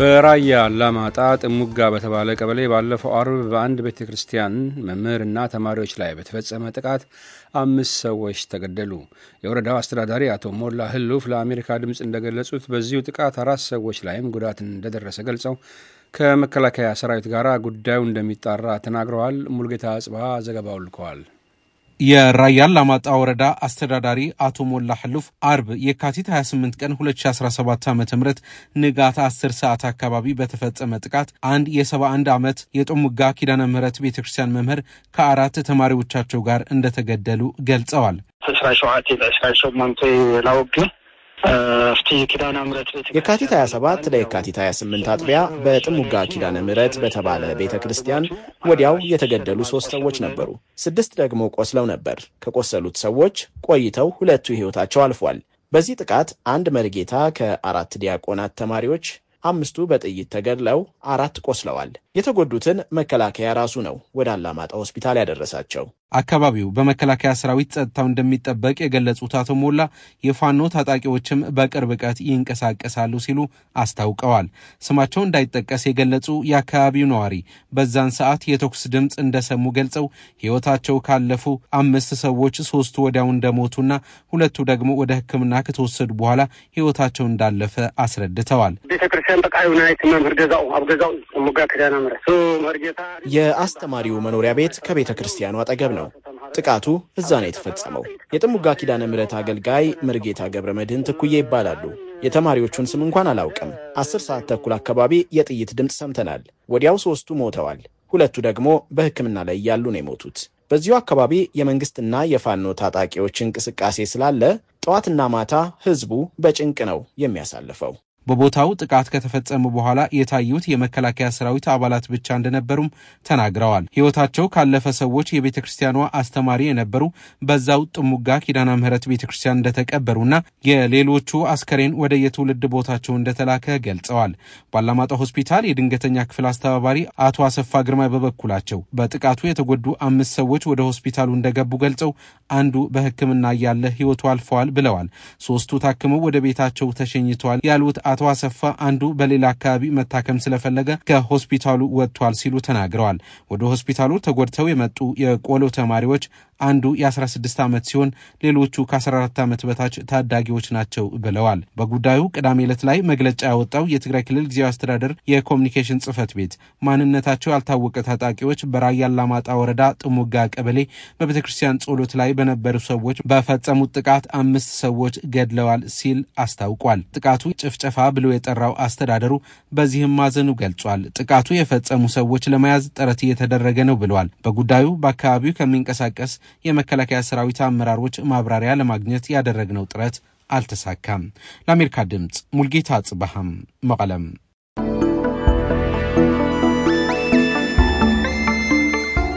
በራያ አላማጣ ጥሙጋ በተባለ ቀበሌ ባለፈው አርብ በአንድ ቤተ ክርስቲያን መምህርና ተማሪዎች ላይ በተፈጸመ ጥቃት አምስት ሰዎች ተገደሉ። የወረዳው አስተዳዳሪ አቶ ሞላ ህሉፍ ለአሜሪካ ድምፅ እንደገለጹት በዚሁ ጥቃት አራት ሰዎች ላይም ጉዳት እንደደረሰ ገልጸው ከመከላከያ ሰራዊት ጋር ጉዳዩ እንደሚጣራ ተናግረዋል። ሙልጌታ ጽባ ዘገባው ልከዋል። የራያ አላማጣ ወረዳ አስተዳዳሪ አቶ ሞላ ሐሉፍ አርብ የካቲት 28 ቀን 2017 ዓ ም ንጋት 10 ሰዓት አካባቢ በተፈጸመ ጥቃት አንድ የ71 ዓመት የጦሙጋ ኪዳነ ምህረት ቤተ ክርስቲያን መምህር ከአራት ተማሪዎቻቸው ጋር እንደተገደሉ ገልጸዋል። የካቲት 27 ለየካቲት 28 አጥቢያ በጥሙጋ ኪዳነ ምሕረት በተባለ ቤተ ክርስቲያን ወዲያው የተገደሉ ሶስት ሰዎች ነበሩ። ስድስት ደግሞ ቆስለው ነበር። ከቆሰሉት ሰዎች ቆይተው ሁለቱ ሕይወታቸው አልፏል። በዚህ ጥቃት አንድ መርጌታ ከአራት ዲያቆናት ተማሪዎች አምስቱ በጥይት ተገድለው አራት ቆስለዋል። የተጎዱትን መከላከያ ራሱ ነው ወደ አላማጣ ሆስፒታል ያደረሳቸው። አካባቢው በመከላከያ ሰራዊት ጸጥታው እንደሚጠበቅ የገለጹት አቶ ሞላ የፋኖ ታጣቂዎችም በቅርብ ቀት ይንቀሳቀሳሉ ሲሉ አስታውቀዋል። ስማቸው እንዳይጠቀስ የገለጹ የአካባቢው ነዋሪ በዛን ሰዓት የተኩስ ድምፅ እንደሰሙ ገልጸው ሕይወታቸው ካለፉ አምስት ሰዎች ሶስቱ ወዲያው እንደሞቱና ሁለቱ ደግሞ ወደ ሕክምና ከተወሰዱ በኋላ ሕይወታቸው እንዳለፈ አስረድተዋል። የአስተማሪው መኖሪያ ቤት ከቤተ ክርስቲያኑ አጠገብ ነው። ጥቃቱ እዛ ነው የተፈጸመው። የጥሙጋ ኪዳነ ምሕረት አገልጋይ መርጌታ ገብረ መድህን ትኩዬ ይባላሉ። የተማሪዎቹን ስም እንኳን አላውቅም። አስር ሰዓት ተኩል አካባቢ የጥይት ድምፅ ሰምተናል። ወዲያው ሶስቱ ሞተዋል። ሁለቱ ደግሞ በሕክምና ላይ እያሉ ነው የሞቱት። በዚሁ አካባቢ የመንግስትና የፋኖ ታጣቂዎች እንቅስቃሴ ስላለ ጠዋትና ማታ ህዝቡ በጭንቅ ነው የሚያሳልፈው። በቦታው ጥቃት ከተፈጸመ በኋላ የታዩት የመከላከያ ሰራዊት አባላት ብቻ እንደነበሩም ተናግረዋል። ሕይወታቸው ካለፈ ሰዎች የቤተ ክርስቲያኗ አስተማሪ የነበሩ በዛው ጥሙጋ ኪዳና ምሕረት ቤተ ክርስቲያን እንደተቀበሩና የሌሎቹ አስከሬን ወደ የትውልድ ቦታቸው እንደተላከ ገልጸዋል። ባላማጣ ሆስፒታል የድንገተኛ ክፍል አስተባባሪ አቶ አሰፋ ግርማ በበኩላቸው በጥቃቱ የተጎዱ አምስት ሰዎች ወደ ሆስፒታሉ እንደገቡ ገልጸው አንዱ በሕክምና እያለ ሕይወቱ አልፈዋል ብለዋል። ሶስቱ ታክመው ወደ ቤታቸው ተሸኝተዋል ያሉት አቶ አሰፋ አንዱ በሌላ አካባቢ መታከም ስለፈለገ ከሆስፒታሉ ወጥቷል ሲሉ ተናግረዋል። ወደ ሆስፒታሉ ተጎድተው የመጡ የቆሎ ተማሪዎች አንዱ የ16 ዓመት ሲሆን ሌሎቹ ከ14 ዓመት በታች ታዳጊዎች ናቸው ብለዋል። በጉዳዩ ቅዳሜ ዕለት ላይ መግለጫ ያወጣው የትግራይ ክልል ጊዜያዊ አስተዳደር የኮሚኒኬሽን ጽህፈት ቤት ማንነታቸው ያልታወቀ ታጣቂዎች በራያ አላማጣ ወረዳ ጥሙጋ ቀበሌ በቤተ ክርስቲያን ጸሎት ላይ በነበሩ ሰዎች በፈጸሙት ጥቃት አምስት ሰዎች ገድለዋል ሲል አስታውቋል። ጥቃቱ ጭፍጨፋ ብሎ የጠራው አስተዳደሩ በዚህም ማዘኑ ገልጿል። ጥቃቱ የፈጸሙ ሰዎች ለመያዝ ጥረት እየተደረገ ነው ብለዋል። በጉዳዩ በአካባቢው ከሚንቀሳቀስ የመከላከያ ሰራዊት አመራሮች ማብራሪያ ለማግኘት ያደረግነው ጥረት አልተሳካም። ለአሜሪካ ድምፅ ሙልጌታ ጽበሃም መቀለም